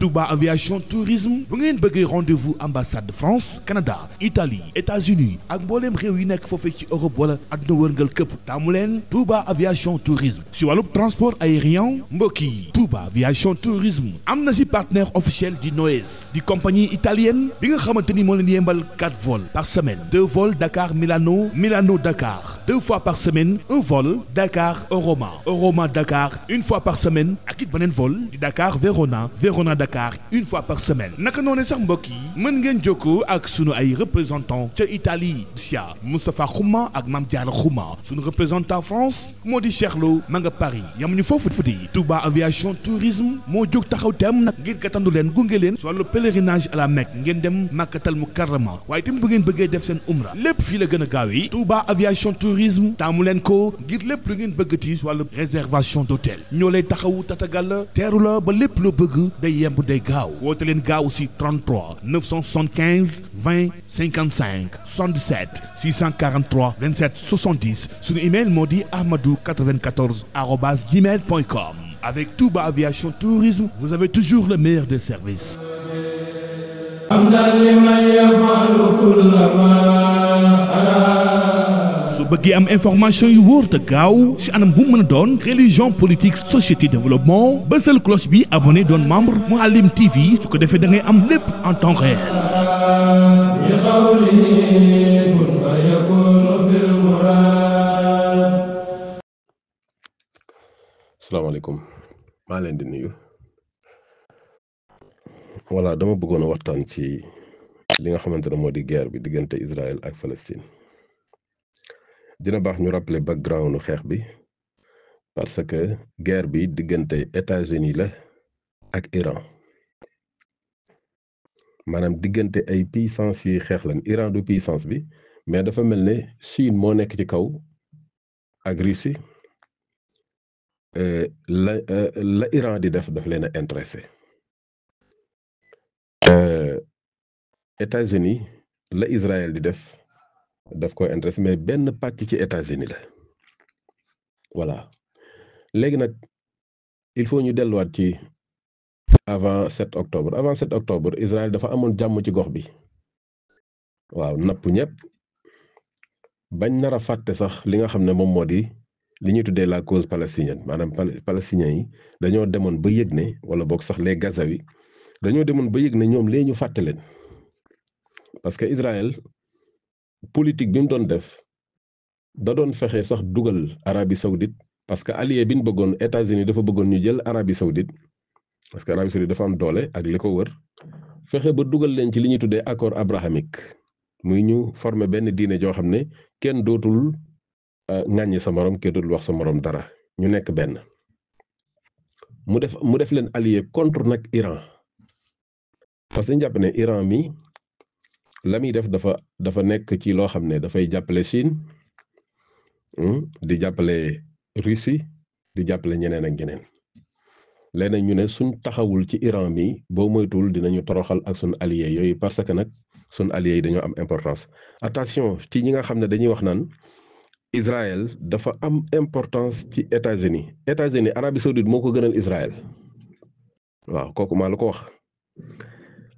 Touba aviation tourisme bu ngeen bëggee rendez-vous ambassade de France Canada Italie États-Unis ak mbooleem réew yi nekk foofee ci Europe wala àdduna wërngal këpp taamu leen Touba aviation tourisme si wàllub transport aérien mbokk yi Touba aviation tourisme am na si partenaire officiel di Noes di compagnie italienne bi nga xamante ni moo leen yembal quatre vols par semaine deux vols Dakar Milano Milano Dakar deux fois par semaine un vol Dakar Roma Roma Dakar une fois par semaine ak it Dakar une fois par semaine naka noonu sax mbokk yi mën ngeen jokkoo ak sunu ay représentant ca Italie sia Moustapha Xuma ak Mame Diarra Xuma sunu représentant France moo di Cheikh Lo ma nga Paris yamuñu foofu fa di Touba aviation tourisme moo jóg taxaw teem nag ngir gàttandu leen gunge leen si wàllu pèlerinage à la Mecque ngeen dem màkkatal mu waaye tamit bu ngeen bëggee def seen umra lépp fii la gën a gaawee Touba aviation tourisme taamu leen ko ngir lépp lu ngeen bëggati si wàllu réservation d'hôtel ñoo lay taxawu tatagal la teeru la ba lépp lu bëgg bu day gaaw woote leen gaaw si 33 975 20 55 77 643 27 70 suñu email moo di ahmadou 94 arobase gmail point com avec Touba Aviation toujours le meilleur des services. حمدا لمن su bëggee am information yu wóor te gaaw ci anam bu mën a doon religion politique société développement bësal cloche bi abonné doon membre Mouhalim TV su ko defee da ngay am lépp en temps réel salaamaaleykum maa leen di nuyu voilà dama bëggoon a waxtaan ci li nga xamante ne moo di ger bi diggante Israël ak Palestine dina baax ñu rappeler background xeex bi parce que guerre bi diggante États-Unis la ak Iran maanaam diggante ay puissance yi xeex lan Iran du puissance bi mais dafa mel ne Chine moo nekk ci kaw ak Russie euh, la euh, la Iran di def daf leen a intéressé euh, États-Unis la Israël di def daf koy intéressé mais benn pàcc ci états la voilà léegi nag il faut ñu delluwaat ci avant 7 octobre avant 7 octobre Israël dafa amoon jàmm ci gox bi waaw napp ñëpp bañ nar a fàtte sax li nga xam ne moom moo di li ñuy tuddee la cause palestinienne maanaam palestiniens yi dañoo demoon ba yëg ne wala boog sax les Gazaouis dañoo demoon ba yëg ne ñoom lee ñu fàtte leen parce que Israël politique bi mu doon def da doon fexe sax dugal Arabie Saoudite parce que allié bi ñu bëggoon États-Unis dafa bëggoon ñu jël Arabie Saoudite parce que Arabie Saoudite dafa am doole ak li ko wër fexe ba dugal leen ci li ñuy tuddee accord abrahamique muy ñu former benn diine joo xam ne kenn dootul euh, ŋàññi sa morom kenn dootul wax sa morom dara ñu nekk benn mu def mu def leen allié contre nag Iran parce que jàpp ne Iran mi la def dafa dafa nekk ci loo xam ne dafay jàppale Chine hmm, di jàppale Russie di jàppale ñeneen ak ñeneen léeg ñu ne suñ taxawul ci Iran mi boo moytuwul dinañu toroxal ak suñ allier yooyu parce que nag suñ allier yi dañoo am importance attention ci ñi nga xam ne dañuy wax naan Israël dafa am importance ci États-Unis États-Unis Arabie Saoudite moo ko gënal Israël waaw kooku maa la ko wax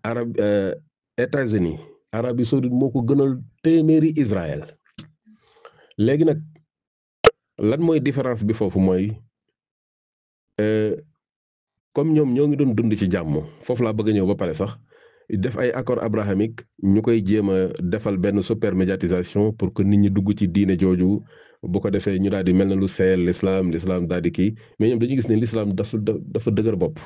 arab euh, États-Unis Arabie Saoudite moo ko gënal téeméeri Israël léegi nag lan mooy différence bi foofu mooy euh, comme ñoom ñoo ngi doon dund ci jàmm foofu laa bëgg a ñëw ba pare sax def ay accord abrahamique ñu koy jéem a defal benn super médiatisation pour que nit ñi dugg ci diine jooju bu ko defee ñu daal di mel na lu seel l'islam l'islam daal di kii mais ñoom dañu gis ne lislaam dafa dafa dëgër bopp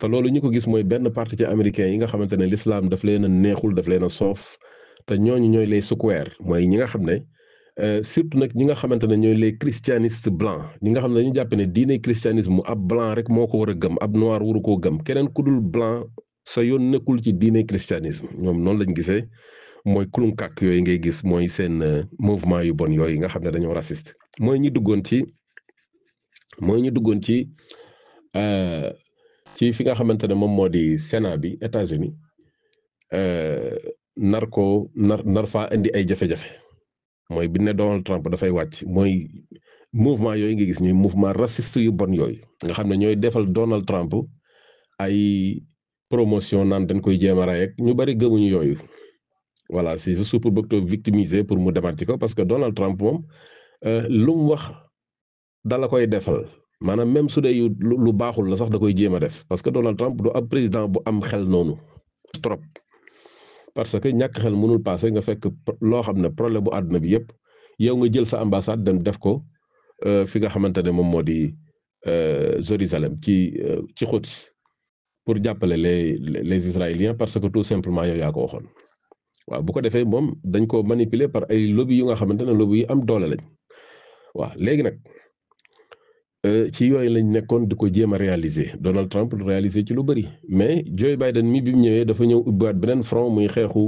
te loolu ñu ko gis mooy benn parti ci américain yi nga xamante ne l'islam daf leen a neexul daf leen a soof te ñooñu ñooy les square mooy ñi nga xam ne euh, surtout nag ñi nga xamante ne ñooy les christianistes blancs ñi nga xam ne dañu jàpp ne diine christianisme ab blanc rek moo ko war a gëm ab noir waru koo gëm keneen ku dul blanc sa yoon nekkul ci diine christianisme ñoom noonu lañ gisee mooy kulunkàkk yooyu ngay gis mooy seen euh, mouvement yu bon yooyu nga xam ne dañoo raciste mooy ñi duggoon ci mooy ñi duggoon ci euh, ci fi nga xamante ne moom moo di Sénat bi États-Unis euh, nar ko nar nar faa indi ay jafe-jafe mooy bi ne Donald Trump dafay wàcc mooy mouvement yooyu nga gis ñuy mouvement raciste yu bon yooyu nga xam ne ñooy defal Donald Trump ay promotion naan dañ koy jéem a ñu bari gëmuñu yooyu voilà c'est juste pour bëgg too victimiser pour mu demaat ci ko parce que Donald Trump moom euh, lu wax dala koy defal maanaam même su dee lu baaxul la sax da koy jéem def parce que Donald Trump du ab président bu am xel noonu trop parce que ñàkk xel mënul paase nga fekk loo xam ne problème bu àdduna bi yëpp yow nga jël sa ambassade dem def ko euh, fi nga xamante ne moom moo di euh, Jérusalem ci euh, ci Quds pour jàppale les les israéliens parce que tout simplement yow yaa ko waxoon waaw bu ko defee moom dañ ko manipuler par ay lobby yu nga xamante ne lobby yu am doole lañ waaw léegi nag. Euh, ci yooyu lañ nekkoon di ko jéem a réaliser Donald Trump réaliser ci lu bëri mais Joe Biden mi bi mu ñëwee dafa ñëw ubbiwaat beneen front muy xeexu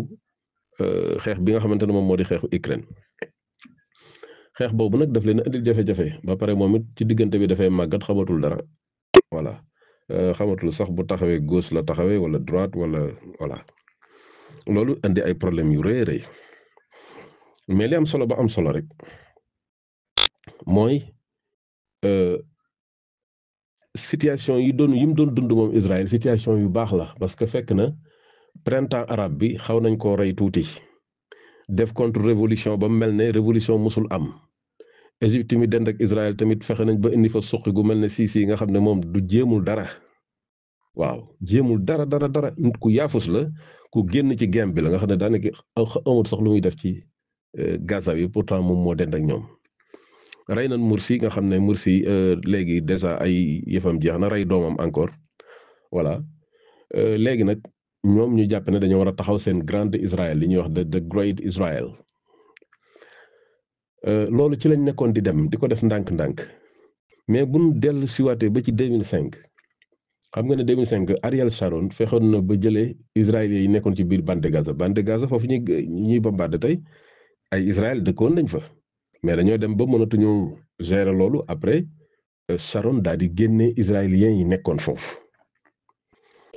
euh, xeex bi nga xamante ne moom moo di xeexu Ukraine xeex boobu nag daf leen indi jafe-jafe ba pare moom it ci diggante bi dafay màggat xamatul dara voilà euh, xamatul sax bu taxawee gauche la taxawee wala droite wala voilà loolu indi ay problème yu rëy rëy mais li am solo ba am solo rek mooy. Euh, situation yi doon yi mu doon dund moom Israël situation yu baax la parce que fekk na printemps arab bi xaw nañ koo rey tuuti def contre révolution ba mel ne révolution mosul am Égypte mi dend ak Israël tamit fexe nañ ba indi fa suqi gu mel ne Sisi yi nga xam ne moom du jéemul dara waaw jéemul dara dara dara ku yaafus la ku génn ci gem bi la nga xam ne daanaka amul sax lu muy def ci euh, Gaza pour pourtant moom moo dend ak ñoom. rey nañ Mursi nga xam ne Mursi euh, léegi dèjà ay yëfam jeex na rey doomam encore voilà euh, léegi nag ñoom ñu jàpp ne dañoo war a taxaw seen grande Israël li ñuy wax the the great Israel euh, loolu ci lañ nekkoon di dem di ko def ndànk-ndànk mais buñ dellu siwaatee ba ci 2005 xam nga ne 2005 Ariel Sharon fexoon na ba jëlee israéliens yi nekkoon ci biir bande Gaza bante Gaza foofu ñuy ñuy bombardé tey ay Israël dëkkoon nañ fa. mais dañoo dem ba mënatuñu gérer loolu après euh, Sharon daal di génne israéliens yi nekkoon foofu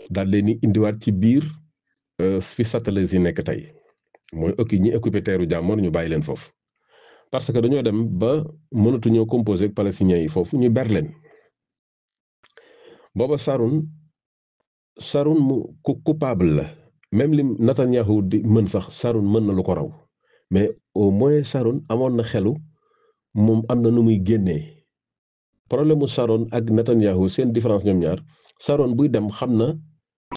daal leen di indiwaat ci biir euh, fi satellites yi nekk tey mooy okki ñi occupé teeru jàmmoor ñu bàyyi leen foofu parce que dañoo dem ba mënatuñoo composé ak palestiniens yi foofu ñu ber leen booba Sharon Sharon mu ku coupable la même li Netanyahu di mën sax Sharon mën na lu ko raw mais au moins Sharon amoon na xelu moom am na nu muy génnee problème mu Sharon ak Netanyahu seen différence ñoom ñaar Sharon buy dem xam na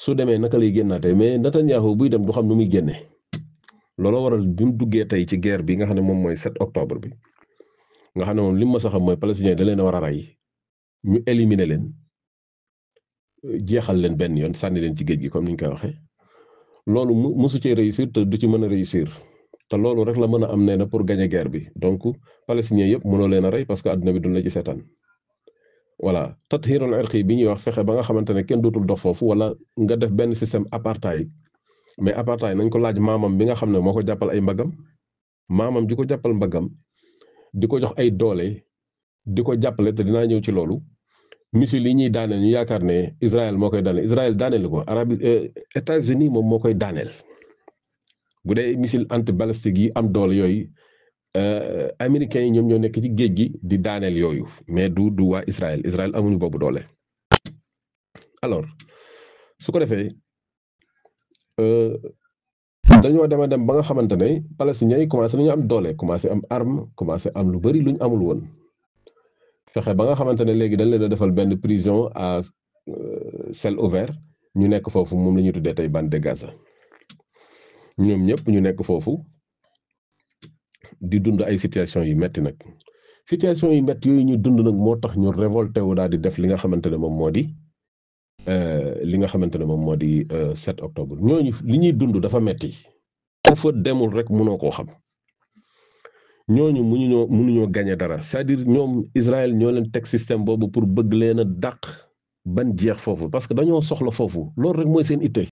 su demee naka lay génnaatee mais Netanyahu buy dem du xam nu muy génne looloo waral bi mu duggee tey ci guerre bi nga xam ne moom mooy 7 octobre bi nga xam ne moom li mu mës a xam mooy palestinien da leen a war a rey ñu éliminer leen jeexal leen benn yoon sànni leen ci géej gi comme ni ñu koy waxee loolu mu mosu cee réussir te du ci mën a réussir. te loolu rek la mën a am nee na pour gagner guerre bi donc palestiniens yëpp mënoo leen a rey parce que adduna bi duñ la ci seetaan voilà tathirul irqi bi ñuy wax fexe ba nga xamante ne kenn dootul dox foofu wala nga def benn système apartheid mais apartheid nañ ko laaj maamam bi nga xam ne moo ko jàppal ay mbagam maamam ji ko jàppal mbagam di ko jox ay doole di ko jàppale te dinaa ñëw ci loolu missile yi ñuy daaneel ñu yaakaar ne Israël moo koy daaneel Israël daaneel ko Arabie euh, États-Unis moom moo koy daaneel. bu dee missile antiballistique yi am doole yooyu euh, américains yi ñoom ñoo nekk ci géej gi di daaneel yooyu mais du du waa Israël Israël amuñu boobu doole. alors su ko defee euh, dañoo dem a dem ba nga xamante ne palestiniens yi commencé ñu am doole commencé am arme commencé am lu bari luñ amul woon fexe ba nga xamante ne léegi dañ leen a defal benn prison à ciel euh, ouvert ñu nekk foofu moom la ñuy tuddee tey bande de Gaza. ñoom ñëpp ñu nekk foofu di dund ay situation yu metti nag situation yu metti yooyu ñu dund nag moo tax ñu révolté wu daal di def li nga xamante ne moom moo di euh, li nga xamante ne moom moo di 7 euh, octobre ñooñu li ñuy dund dafa metti ku demul rek mënoo koo xam ñooñu mënuñoo mënuñoo gañee dara cest dire ñoom Israël ñoo leen teg système boobu pour bëgg leen a dàq ban jeex foofu parce que dañoo soxla foofu loolu rek mooy seen itte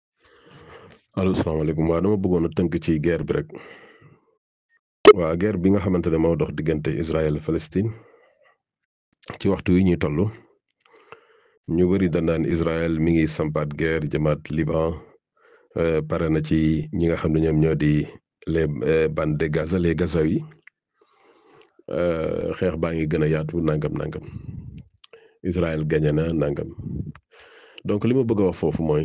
allo salaamaaleykum waaw dama bëggoon a tënk ci guerre bi rek waa guerre bi nga xamante ne moo dox diggante Israël Palestine ci waxtu wi ñuy toll ñu bëri dañ naan Israël mi ngi sampaat guerre jëmaat Liban euh, pare na ci ñi nga xam ne ñoo di le euh, bandes de Gaza les Gazaouis euh, xeex baa ngi gën a yaatu nangam nangam Israël gagné na nangam donc li ma bëgg a wax foofu mooy.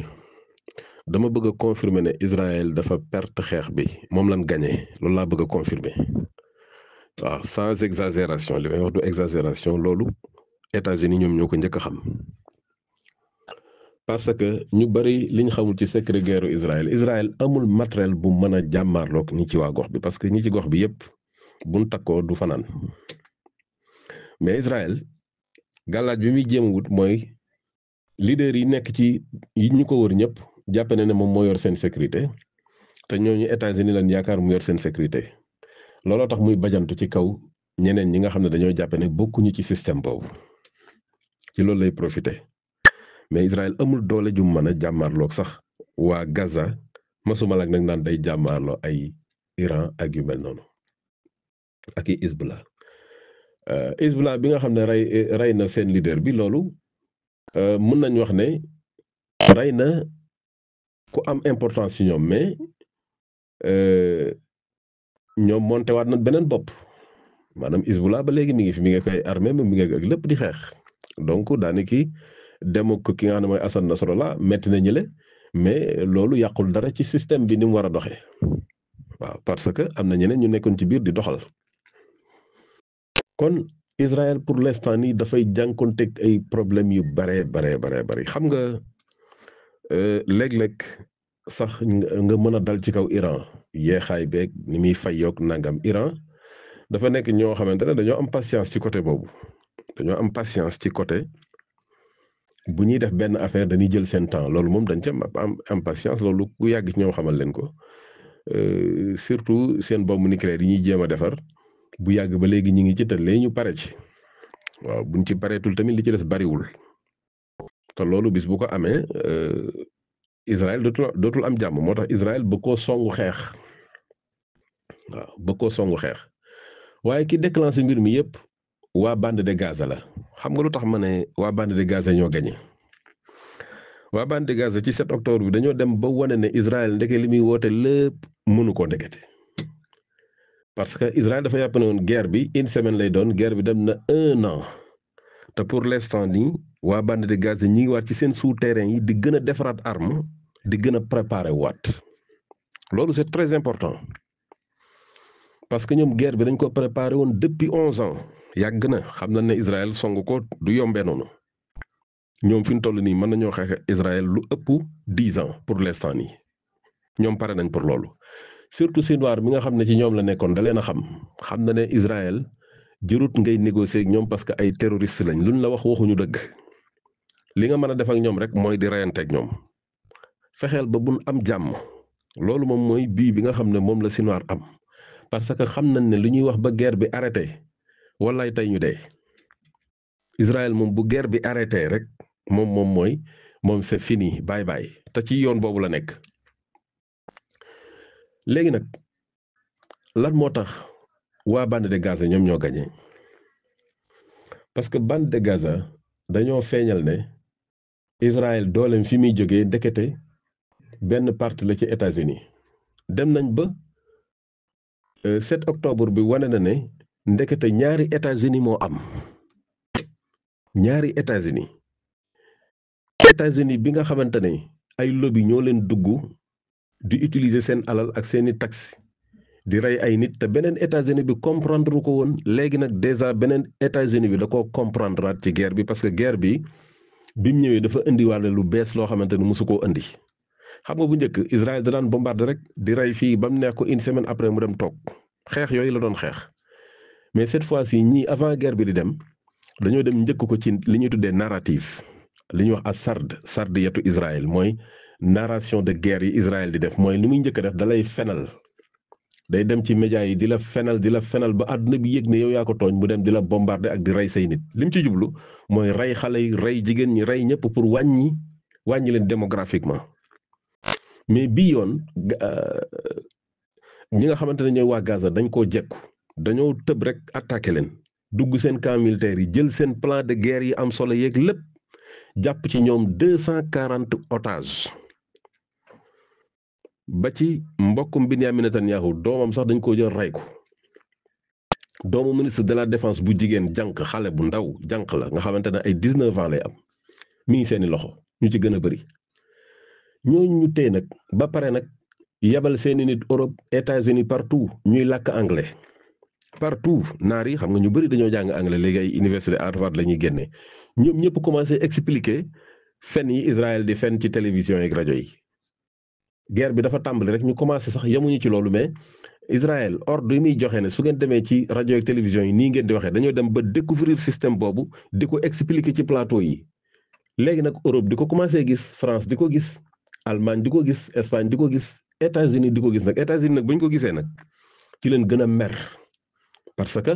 dama bëgg a confirmer ne Israël dafa perte xeex bi moom lan gagné loolu laa bëgg a confirmer waaw sans exagération li may wax du exagération loolu États-Unis ñoom ñoo ko njëkk a xam parce que ñu bari li ñu xamul ci secret guerre Israël Israël amul matériel bu mën a jàmmaarloog ñi ci waa gox bi parce que ñi ci gox bi yépp buñ takkoo du fanaan mais Israël gàllaaj bi muy jéem wut mooy leader yi nekk ci yi ñu ko wër ñépp jàppe na ne moom moo yor seen sécurité te ñoo ñooñu États-Unis lan yaakaar mu yor seen sécurité looloo tax muy bajantu ci kaw ñeneen ñi nga xam ne dañoo jàppe ne bokkuñu ci système boobu ci loolu lay profité mais Israël amul doole ju mën a jàmmaarloog sax waa Gaza masuma lak nag naan day jàmmaarloo ay Iran ak yu mel noonu ak i Hezbollah euh, Hezbollah bi nga xam ne rey rey na seen leader bi loolu euh, mën nañ wax ne rey na ku am importance ci ñoom mais euh, ñoom montewaat na beneen bopp maanaam Hezbollah ba léegi mi ngi fi mi ngi koy armée mi ngi ak lépp di xeex donc daanaka dem ak ki nga xam ne mooy na solo la métti na ñële mais loolu yàqul dara ci système bi ni mu war a doxee waaw parce que am na ñeneen ñu nekkoon ci biir di doxal kon Israël pour l'instant nii dafay jànkoonteeg ay problèmes yu baree baree baree bari xam nga. Euh, léeg-léeg sax nga mën a dal ci kaw Iran yeexaay beeg ni muy fay yoog nangam Iran dafa nekk ñoo xamante ne dañoo am patience ci côté boobu dañoo am patience ci côté bu ñuy def benn affaire dañuy jël seen temps loolu moom dañ ca am am patience loolu ku yàgg ci ñoom xamal leen ko euh, surtout seen bombe nucléaire yi ñuy jéem a defar bu yàgg ba léegi ñu ngi ci te léegi ñu pare ci waaw buñ ci pareetul tamit li ci des bariwul. te loolu bis bu ko amee euh, Israël dootul dootul am jàmm moo tax Israël bëgg koo songu xeex waaw koo songu xeex waaye ki déclenché mbir mi yëpp waa bande de Gaza la xam nga lu tax ma ne waa bande de Gaza ñoo gañe waa bande de Gaza ci 7 octobre bi dañoo dem ba wane ne Israël ndeke li muy woote lépp mënu koo ndekete parce que Israël dafa yàpp ne woon guerre bi une semaine lay doon ger bi dem na un an. te pour l'instant nii waa bande de Gaza ñi ngi waat ci seen souterrain yi di gën a defaraat arme di gën a préparer waat loolu c'est très important parce que ñoom guerre bi dañ ko préparer woon depuis onze ans yàgg na xam na ne Israël song ko du yombee noonu ñoom fi ñu toll nii mën nañoo xeex Israël lu ëpp dix ans pour l'instant nii ñoom pare nañ pour loolu surtout Sinwar bi nga xam ne ci ñoom la nekkoon da leen a xam xam na ne Israël. jërut ngay négocier ak ñoom parce que ay terroriste lañ ñu la wax waxuñu dëgg li nga mën a def ak ñoom rek mooy di reyante ak ñoom fexeel ba buñ am jàmm loolu moom mooy bii bi nga xam ne moom la Sinoir am parce que xam nañ ne lu ñuy wax ba guerre bi arrêté wallaay tey ñu dee Israël moom bu guerre bi arrêté rek moom moom mooy moom se fini baay baay te ci yoon boobu la nekk léegi nag lan moo tax. waa bande de Gaza ñoom ñoo gañe parce que bande de Gaza dañoo feeñal ne Israël dooleem fi muy jógee ndekete benn parti la ci états dem nañ ba 7 euh, octobre bi wane na ne ndekete ñaari états moo am ñaari États-Unis bi nga xamante ne ay lobby ñoo leen dugg di utiliser seen alal ak seeni taxes di rey ay nit te beneen États-Unis bi comprendre ko woon léegi nag déjà beneen états bi da koo comprendre ci guerre bi parce que guerre bi bi mu ñëwee dafa indiwaale lu bees loo xamante ni mosu koo indi xam nga bu njëkk Israël da daan bombarder rek di rey fii ba mu nekk ko une semaine après mu dem toog xeex yooyu la doon xeex mais cet fois si ñii avant guerre bi di dem dañoo dem njëkk ko ci li ñuy tuddee narrative li ñuy wax ak sard sard yetu Israël mooy naration de guerre yi Israël di def mooy li muy njëkk a def dalay fenal day dem ci média yi di la fenal di la fenal ba àdduna bi yéeg na yow yaa ko tooñ mu dem di la bombarder ak di rey say nit lim ci jublu mooy rey xale yu rey jigéen ñi rey ñëpp pour wàññi wàññi leen démographiquement mais bii yoon euh, ñi nga xamante ne ñooy waa Gaza dañ koo jekku dañoo tëb rek attaqué leen dugg seen camp militaire yi jël seen plan de guerre yi am solo yéeg lépp jàpp ci ñoom deux cent quarante otages ba ci mbokkum Binyamin Netanyahu doomam sax dañ ko jël rey ko doomu ministre de la defence bu jigéen jànq xale bu ndaw jànq la nga xamante ne ay 19 ans lay am mi ngi seeni loxo ñu ci gën a bëri ñooñu ñu tey nag ba pare nag yabal seeni nit Europe États-Unis partout ñuy làkk anglais partout naar yi xam nga ñu bëri dañoo jàng anglais léegi ay université Harvard la ñuy génnee ñoom ñëpp commencé expliquer fen yi Israël di fen ci télévision yeeg rajo yi guerre bi dafa tàmbali rek ñu commencé sax yemuñu ci loolu mais Israël ordre yi muy joxe ne su ngeen demee ci rajo yi télévision yi nii ngeen di waxee dañoo dem ba découvrir système boobu di ko expliquer ci plateau yi léegi nag Europe di ko commencé gis France di ko gis Allemagne di ko gis Espagne di ko gis états di ko gis nag États-Unis nag bu ñu ko gisee nag ci leen gën a mer parce que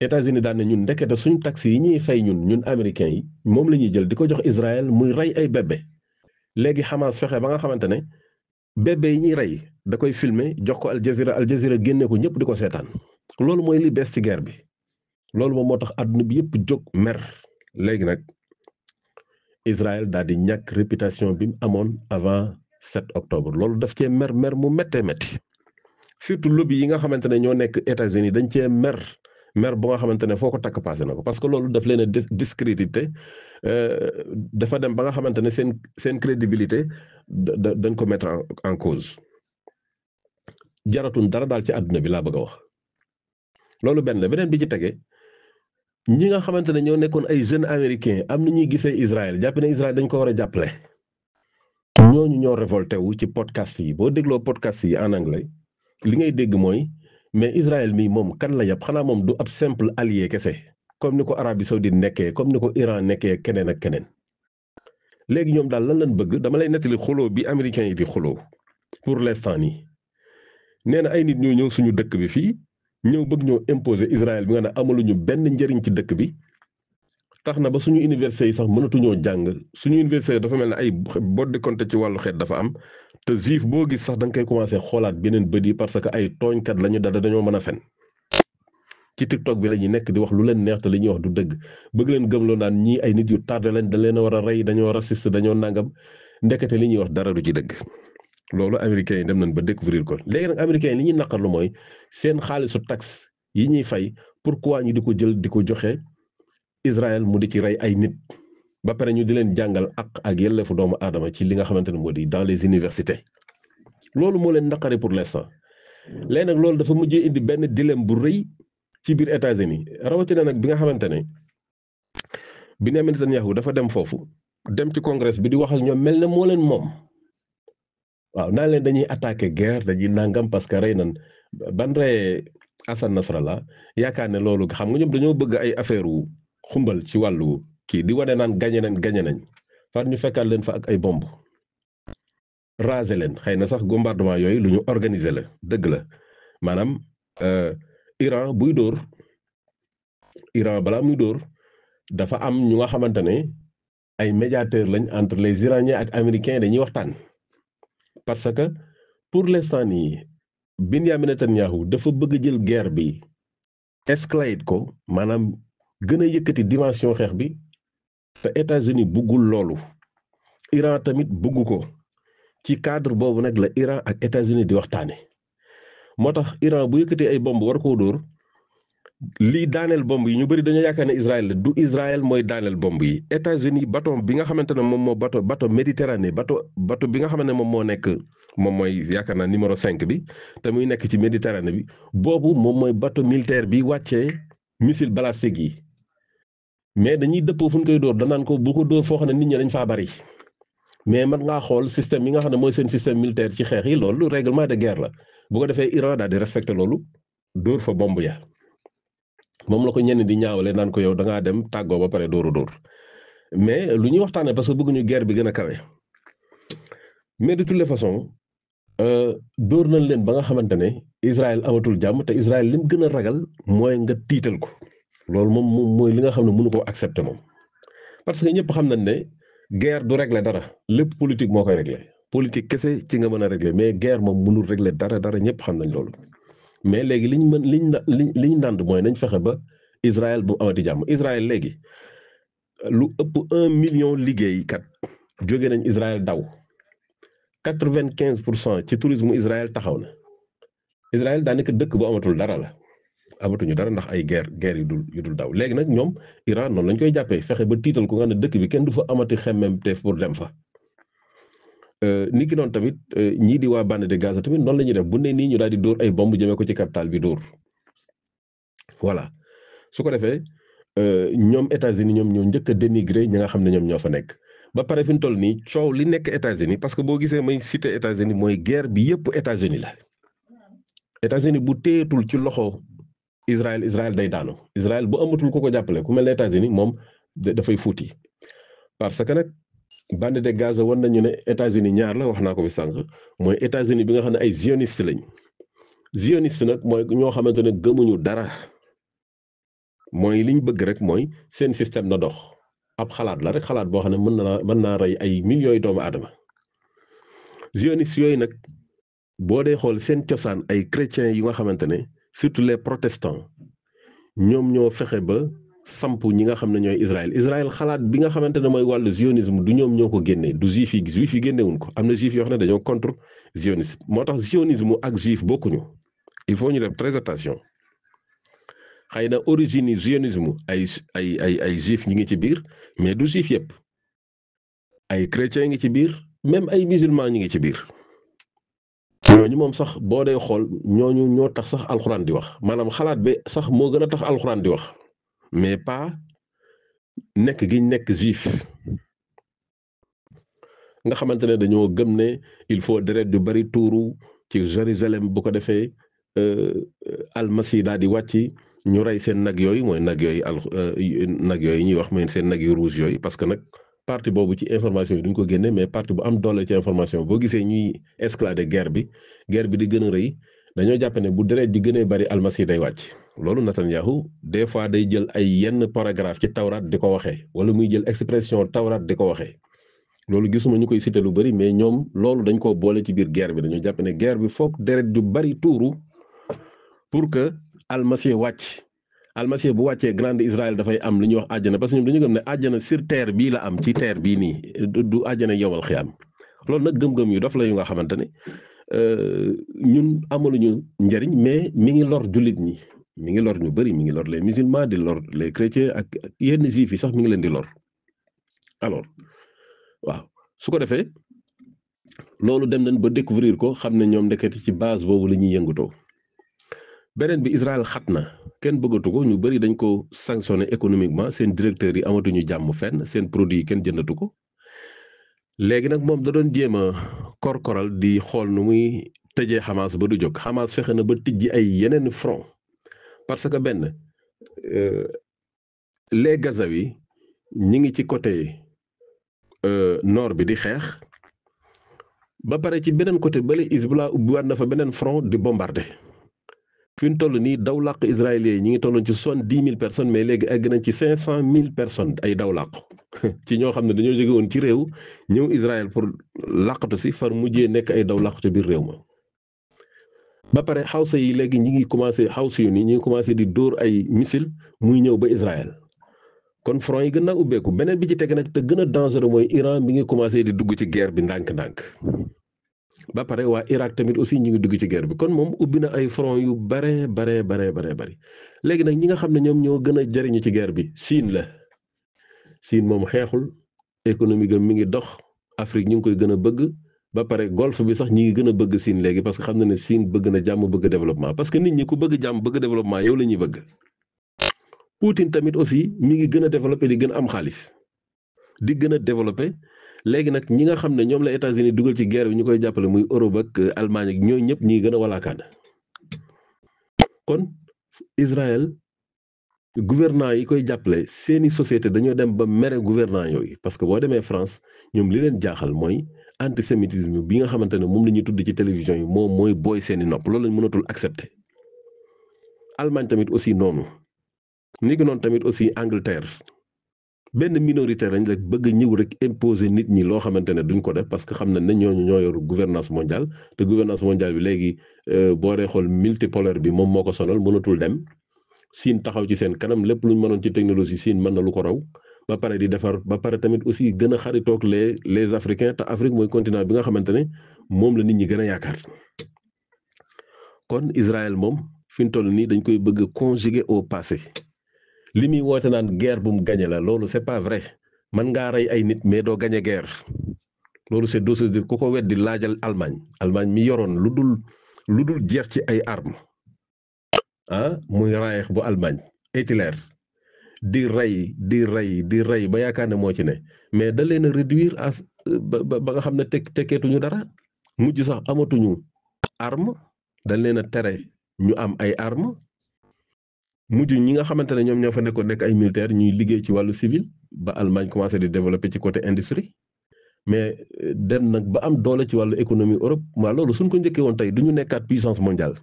États-Unis daan ne ñun ndekete suñ taxes yi ñuy fay ñun ñun américains yi moom la ñuy jël di ko jox Israël muy rey ay bébé léegi Hamas ba nga xamante ne. bébé yi ñuy rey da koy filmer jox ko Al Jazeera Al Jazeera génne ko ñëpp di ko seetaan loolu mooy li bees ci geer bi loolu moom moo tax àdduna bi yëpp jóg mer léegi nag Israël daal di ñàkk réputation bi mu amoon avant 7 octobre loolu daf cee mer mer mu méttee métti surtout lobby yi nga xamante ne ñoo nekk États-Unis dañ cee mer mer bu nga xamante ne foo ko takk passé na ko parce que loolu daf leen a discrédité euh, dafa dem ba nga xamante ne seen seen crédibilité da dañ ko mettre en cause jaratun dara daal ci àdduna bi laa bëgg wax loolu benn beneen bi ci tege ñi nga xamante ne ñoo nekkoon ay jeunes américain am na ñuy gisee Israël jàpp ne Israël dañ ko war a jàppale ñooñu ñoo révolté wu ci podcast yi boo dégloo podcast yi en anglais li ngay dégg mooy mais Israël mii moom kan la yab xanaa moom du ab simple allié kese comme ni ko Arabie Saoudite nekkee comme ni ko Iran nekkee keneen ak keneen. léegi ñoom daal lan lañ bëgg dama lay nettali xuloo bi américains yi di xuloo pour l'instant yi nee na ay nit ñoo ñëw suñu dëkk bi fii ñëw bëgg ñoo imposer Israël bi nga ne amaluñu benn njëriñ ci dëkk bi tax na ba suñu université yi sax mënatuñoo jàng suñu université dafa mel ne ay boddi compte ci wàllu xeet dafa am te juif boo gis sax danga koy commencé xoolaat beneen bët yi parce que ay tooñkat lañu dada dañoo mën a fen ci tiktok bi la ñuy nekk di wax lu leen neex te li ñuy wax du dëgg bëgg leen gëmloo naan ñi ay nit yu tardé lañ da leen a war a rey dañoo raciste dañoo nangam ndekete li ñuy wax dara du ci dëgg loolu américains yi dem nañ ba découvrir ko léegi nag américains li ñuy naqarlu mooy seen xaalisu taxe yi ñuy fay pourquoi ñu di ko jël di ko joxe Israël mu di ci rey ay nit ba pare ñu di leen jàngal ak ak yelleefu doomu aadama ci li nga xamante ne moo di dans les universités loolu moo leen naqari pour l'instant léegi nag loolu dafa mujjee indi benn di leen bu rëy ci biir États-Unis rawatina nag bi nga xamante ne Benjamin Netanyahu dafa dem foofu dem ci congrès bi di wax ak ñoom mel ne moo leen moom waaw naa leen dañuy attaquer guerre dañuy nangam parce que rey na ban reyee Hassan Nasrallah yaakaar ne loolu xam nga ñoom dañoo bëgg ay affaire wu xumbal ci wàllu kii di wane naan gañe nañ gañe nañ far ñu fekkaat leen fa ak ay bomb raser leen xëy na sax bombardement yooyu lu ñu organiser la dëgg la maanaam euh, Iran buy dóor Iran balaa muy dóor dafa am ñu nga xamante ne ay médiateurs lañ entre les Iraniens ak Américains dañuy waxtaan parce que pour l'instant nii Benyamin Netanyahu dafa bëgg jël guerre bi escalade ko maanaam gën a yëkkati dimension xeex bi te États-Unis loolu Iran tamit bëggu ko ci cadre boobu nag la Iran ak états di waxtaane moo tax Iran bu yëkkatee ay bomb war koo dóor lii daaneel bomb yi ñu bëri dañoo yaakaar ne Israël la du Israël mooy daaneel bomb yi États-Unis bi nga xamante ne moom moo bato bateau Méditerranée bateau bi nga xamante ne moom moo nekk moom mooy yaakaar naa numéro 5 bi te muy nekk ci Méditerranée bi boobu moom mooy bato militaire bi wàccee missile balistique yi mais dañuy dëppoo fu ñu koy dóor danaan ko bu ko dóor foo xam ne nit ñi dañ faa bari mais man ngaa xool système bi nga xam ne mooy seen système militaire ci xeex yi loolu règlement de guerre la bu ko defee Iran daal di respecté loolu dóor fa bomb ya moom la ko ñenn di ñaawale naan ko yow da ngaa dem tàggoo ba pare dóoru dóor mais lu ñuy waxtaanee parce que bëgguñu guerre bi gën a kawe mais de toutes les euh, dóor nañ leen ba nga xamante ne Israël amatul jàmm te lim gën a ragal mooy nga tiital ko. loolu moom mooy li nga xam ne mënu ko accepter moom parce que ñëpp xam nañ ne guerre du régler dara lépp politique moo koy régler politique kese ci nga mën a régler mais guerre moom mënul régler dara dara ñëpp xam nañ loolu mais léegi li ñu mën li liñ liñ dànd mooy nañ fexe ba Israël bu amati jàmm Israël léegi lu ëpp un million liggéeykat jóge nañ Israël daw quatre-vingt-quinze pour cent ci tourisme Israël taxaw na Israël daanaka dëkk bu amatul dara la. amatuñu dara ndax ay guerre ger yu dul dul daw léegi nag ñoom Iran noonu lañ koy jàppee fexe ba tiital ko nga ne dëkk bi kenn du fa amati xemmem teef pour dem fa. Euh, ni ki noonu tamit euh, ñii di waa bande de Gaza tamit noonu la ñuy def bu ne nii ñu daal di dóor ay bomb jëmee ko ci capital bi dóor voilà su ko defee euh, ñoom États-Unis ñoom ñoo njëkk a dénigré ñi nga xam ne ñoom ñoo fa nekk. ba pare fi mu toll nii coow li nekk États-Unis parce que boo gisee may cité États-Unis mooy guerre bi yëpp États-Unis la États-Unis bu téyetul ci loxo Israël Israël day daanu Israël bu amatul ku ko jàppale ku mel ne États-Unis moom dafay fuuti parce que nag band de Gaza wan nañu ne états ñaar la wax naa ko fi sànq mooy états bi nga xam ne ay zioniste lañ zioniste nag mooy ñoo xamante ne gëmuñu dara mooy liñ bëgg rek mooy seen système na dox ab xalaat la rek xalaat boo xam ne mën na mën naa rey ay millions yi doomu aadama zioniste yooyu nag boo dee xool seen cosaan ay chrétiens yi nga xamante ne. surtout les protestants ñoom ñoo fexe ba samp ñi nga xam ne ñooy Israël Israël xalaat bi nga xamante ne mooy wàllu zionisme du ñoom ñoo ko génnee du juif yi juif yi génnewuñ ko am na juif yoo xam ne dañoo contre zionisme moo tax zionisme ak juif bokkuñu il faut ñu def très attention xëy na origine yi zionisme ay ay ay ay juif ñi ngi ci biir mais du juif yëpp ay chrétiens ngi ci biir même ay musulmans ñi ngi ci biir. ñooñu moom sax boo dee xool ñooñu ñoo tax sax alxuraan di wax maanaam xalaat bi sax moo gën a tax alxuraan di wax mais pas nekk gi nekk juif nga xamante ne dañoo gëm ne il faut deret yu bari tuuru ci Jérusalem bu ko defee al euh, almasi daal di wàcc ñu rey seen nag yooyu mooy nag yooyu al euh, nag yooyu ñuy wax mooy seen nag yu rouge yooyu parce que nag. parti boobu ci information yi duñ ko génne mais parti bu am doole ci information boo gisee ñuy esclader guerre bi guerre bi di gën a rëy dañoo jàpp ne bu deret di gënee bari almasi day wàcc loolu Netanyahu des fois day jël ay yenn paragraphe ci tawraat di ko waxee wala muy jël expression tawraat di ko waxee loolu gisuma ñu koy cité lu bari mais ñoom loolu dañ ko boole ci biir guerre bi dañoo jàpp ne guerre bi foog deret ju bari tuuru pour que almasi wàcc almasiix bu wàccee grande Israël dafay am lu ñuy wax àjjana parce que ñoom dañu gëm ne àjjana sur terre bii la am ci terre bii nii du àjjana yowal xiyaam loolu nag gëm-gëm yu dof la yu nga xamante ne euh, ñun ñu njariñ mais mi ngi lor jullit ñi mi ngi lor ñu bëri mi ngi lor les musulmans di lor les chrétiens ak yenn juif yi sax mu ngi leen di lor alors waaw su ko defee loolu dem nañ ba découvrir ko xam ne ñoom ndeketi ci base boobu la ñuy yëngatoo. beneen bi Israël xat na kenn bëggatu ko ñu bëri dañ ko sanctionné économiquement seen directeurs yi amatuñu jàmm fenn seen produit yi kenn jëndatu ko léegi nag moom da doon jéem a korkoral di xool nu muy tëjee Hamas ba du jóg Hamas fexe na ba tijji ay yeneen front parce que benn euh, les Gazaouis ñi ngi ci côté euh, noor bi di xeex ba pare ci beneen côté bële Hezbollah ubbiwaat na fa beneen front di bombarder. fi ñu toll nii daw làq israéliens yi ñu ngi tolloon ci soixante dix mille personnes mais léegi egg nañ ci cinq personnes ay daw làq ci ñoo xam ne dañoo jóge woon ci réew ñëw Israël pour làqatu si far mujjee nekk ay daw làqatu biir réew ma. ba pare xawsa yi léegi ñu ngi commencé xawsa yu nii ñu ngi commencé di dóor ay missile muy ñëw ba Israël kon front yi gën naa ubbeeku beneen bi ci teg nag te gën a dangereux mooy Iran bi ngi commencé di dugg ci geer bi ndànk-ndànk. ba pare waa Irak tamit aussi ñu ngi dugg ci geer bi kon moom ubbi na ay front yu bare bare bare bare bëri léegi nag ñi nga xam ne ñoom ñoo gën a jariñu ci geer bi Chine la Chine moom xeexul économie gam mi ngi dox Afrique ñu ngi koy gën a bëgg ba pare golfe bi sax ñi ngi gën a bëgg siin léegi parce que xam na ne Chine bëgg na jàmm bëgg développement parce que nit ñi ku bëgg jàmm bëgg développement yow la ñuy bëgg Poutine tamit aussi mi ngi gën a développé di gën am xaalis di gën a développé léegi nag ñi nga xam ne ñoom la États-Unis dugal ci guerre bi ñu koy jàppale muy Europe ak euh, Allemagne ak ñooñu ñëpp ñi gën a walaakaan kon Israël gouvernants yi koy jàppale seeni société dañoo dem ba mere gouvernants yooyu parce que boo demee France ñoom li leen jaaxal mooy antisémitisme bi nga xamante ne moom la ñuy tudd ci télévision yi moom mooy booy seeni nopp loolu lañ mënatul accepter Allemagne tamit aussi noonu ni ki noonu tamit aussi Angleterre. benn minorité lañ rek bëgg ñëw rek imposer nit ñi loo xamante ne duñ ko def parce que xam na ne ñooñu ñoo yor gouvernance mondiale te gouvernance mondiale bi léegi euh, boo dee xool multipolaire bi moom moo ko sonal mënatul dem Chine taxaw ci seen kanam lépp luñ mënoon ci technologie Chine mën na lu ko raw ba pare di defar ba pare tamit aussi gën a xaritoog les les te Afrique mooy continent bi nga xamante ne moom la nit ñi gën a yaakaar kon Israël moom fi mu toll nii dañ koy bëgg conjuguer au passé li muy woote naan guerre bu mu gañe la loolu c'est pas vrai man ngaa rey ay nit mais doo gañe guerre loolu c'est deux choses ku ko weddi laajal Allemagne Allemagne mi yoroon lu dul lu dul jeex ci ay armes ah muy Reich bu Allemagne Hitler di rey di rey di rey ba yaakaar ne moo ci ne mais da leen a ba ba nga xam ne tek tekkeetuñu dara mujj sax amatuñu arme dañ leen a tere ñu am ay armes mujj ñi nga xamante ne ñoom ñoo fa nekkoon nekk ay militaire ñuy liggéey ci wàllu civil ba Allemagne commencé di développer ci côté industrie mais euh, dem nag ba am doole ci wàllu économie Europe waa loolu suñ ko njëkkee woon tey duñu ñu nekkaat puissance mondiale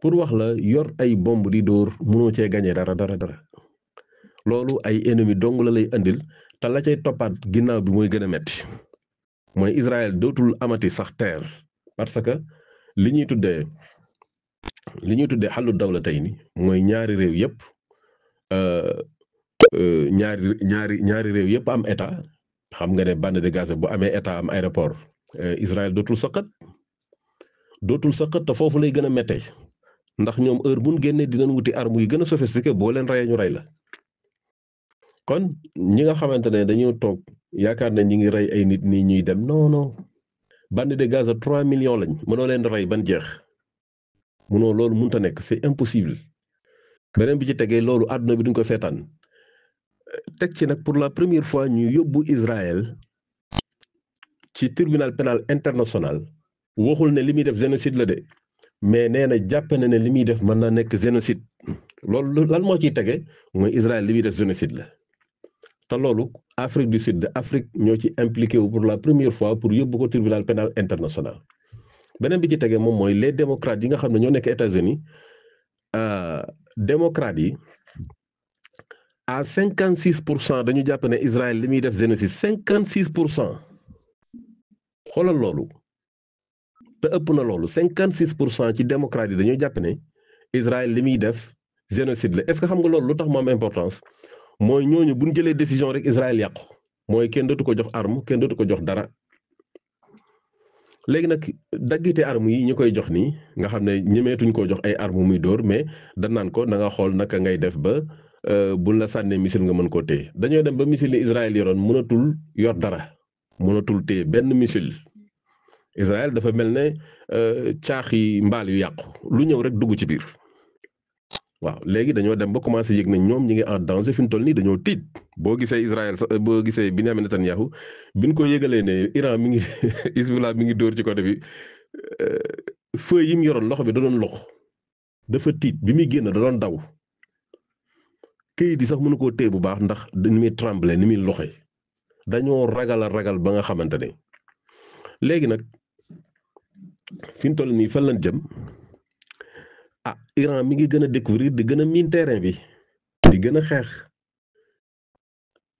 pour wax la yor ay bomb di dóor mënoo cee gañee dara dara dara loolu ay ennemi dong la lay indil te la cay toppaat ginnaaw bi mooy gën a metti mooy Israël dootul amati sax terre parce que li ñuy tuddee. li ñuy tuddee xàllu dawla tey nii mooy ñaari réew yëpp euh, euh, ñaari ñaari ñaari réew yëpp am état xam nga ne bande de Gaza bu amee état am aéroport euh, Israël dootul saqat dootul saqat te foofu lay gën a méttee ndax ñoom heure bu ñu génnee dinañ wuti arme yu gën a sophistiqué boo leen rayee ñu rey la kon ñi nga xamante ne dañoo toog yaakaar ne ñi ngi rey ay nit nii ñuy dem non non bande de Gaza trois millions lañ mënoo leen rey ban jeex. munoo loolu mënta nekk c'est impossible beneen bi ci tegee loolu àdduna bi duñ ko seetaan teg ci nag pour la première fois ñu yóbbu Israël ci tribunal pénal international waxul ne li muy def génocide la de mais nee na jàpp na ne li muy def mën na nekk génocide loolu lan moo ciy tege mooy Israël li muy def génocide la te loolu Afrique du Sud de Afrique ñoo ci impliqué wu pour la première fois pour yóbbu ko tribunal pénal international beneen bi ci tegee moom mooy les démocrates yi nga xam ne ñoo nekk États-Unis euh, démocrates yi à cinquante six pour cent dañu jàpp ne Israël li muy def génocide cinquante six pour cent xoolal loolu te ëpp na loolu cinquante six pour cent ci démocrates yi dañuy jàpp ne Israël li muy def génocide la est-ce que xam nga loolu lu tax mu am importance mooy ñooñu bu jëlee décision rek Israël yàqu mooy kenn dootu ko jox arme kenn dootu ko jox dara léegi nag daggite arme yi ñu koy jox nii nga xam ne ñemeetuñ koo jox ay arme muy dóor mais da naan ko nanga xool naka ngay def ba euh, bu la sànnee missile nga mën koo téye dañoo dem ba missile yi Israël yoroon mënatul yor dara mënatul téye benn missile Israël dafa mel ne euh, caax yi mbaal yu yàqu lu ñëw rek dugg ci biir. waaw léegi dañoo dem ba commencé yëg nañ ñoom ñi ngi en danger fi mu toll nii dañoo tiit boo gisee Israël sax boo gisee Benyamin Netanyahu bi ñu ko yëgalee ne Iran mi ngi Hezbollah mi ngi dóor ci côté bi euh, feu yi mu yoroon loxo bi da doon loxo dafa tiit bi muy génn da doon daw këyit yi sax mënu koo téye bu baax ndax ni muy tremble ni muy loxo dañoo ragal a ragal ba nga xamante ne léegi nag fi mu toll nii fan lañ jëm. Iran mi ngi gën a di gën miin terrain bi di gën a xeex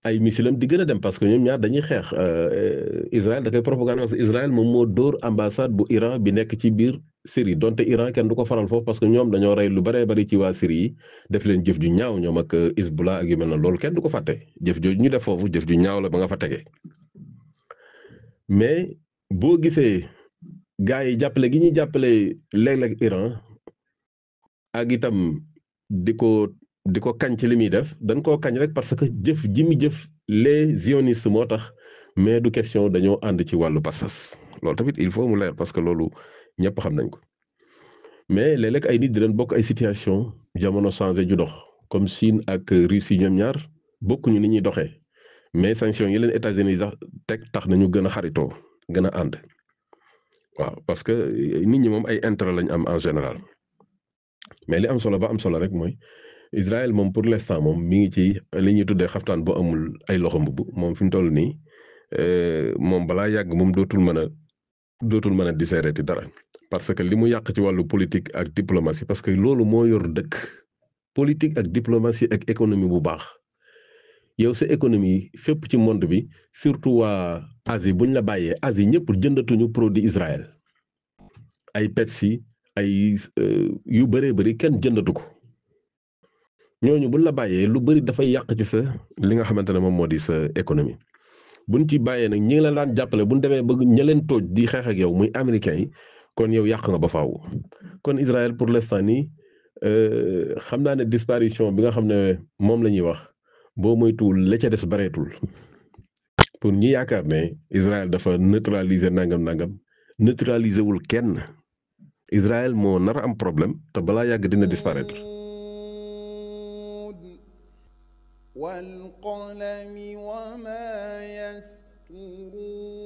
ay missile am di gën a dem parce que ñoom ñaar dañuy xeex euh, euh, Israël da koy propagande parce que moom moo dóor ambassade bu Iran bi nekk ci biir Syrie donte Iran kenn du ko faral foofu parce que ñoom dañoo rey lu baree bari ci waa Syrie yi def leen jëf ju ñaaw ñoom ak euh, Hezbollah ak yu mel na loolu kenn du ko fàtte jëf jooju ñu def foofu jëf ju ñaaw la ba nga fa tege mais boo gisee gaa yi jàppale gi ñuy jàppale léeg-léeg Iran. ak itam di ko di ko kañ ci li muy def dañ koo kañ rek parce que jëf ji mu jëf le sionistes moo tax mais du question dañoo ànd ci wàllu pas-pas loolu tamit il faut mu leer parce que loolu ñëpp xam nañ ko mais léeg ay nit di leen bokk ay situation jamono changé ju dox comme Chine ak Russie ñoom ñaar bokkuñu ni ñuy doxee mais sanction yi leen États-Unis sax teg tax nañu gën a xaritoo gën a ànd waaw parce que nit ñi moom ay intérêt lañ am en général mais li am solo ba am solo rek mooy Israël moom pour l'instant moom mi ngi ci li ñuy tuddee xaftaan bu amul ay loxo mbubb moom fi mu toll nii euh, moom balaa yàgg moom dootul mën a dootul mën a disereeti dara parce que li mu yàq ci wàllu politique ak diplomatie parce que loolu moo yor dëkk politique ak diplomatie ak économie bu baax yow sa économie fépp ci monde bi surtout waa asi buñ la bàyyee Asie ñëpp jëndatuñu produit Israël ay Pepsi. ay euh, yu bëree bëri kenn jëndatu ko ñooñu buñ la bàyyee lu bëri dafay yàq ci sa li nga xamante ne moom moo di sa économie buñ ci bàyyee nag ñi ngi la daan jàppale bu buñ demee bëgg ñaleen leen tooj di xeex ak yow muy américains yi kon yow yàq nga ba faaw kon Israël pour l'instant nii euh, xam naa ne disparition bi nga xam ne moom la ñuy wax boo moytuwul la ca des bareetul pour ñi yaakaar ne Israël dafa neutraliser ndangam nangam neutraliser wul kenn. Israël moo nar am problème te balaa yàgg dina disparaître. wal qalami wa ma yasturuun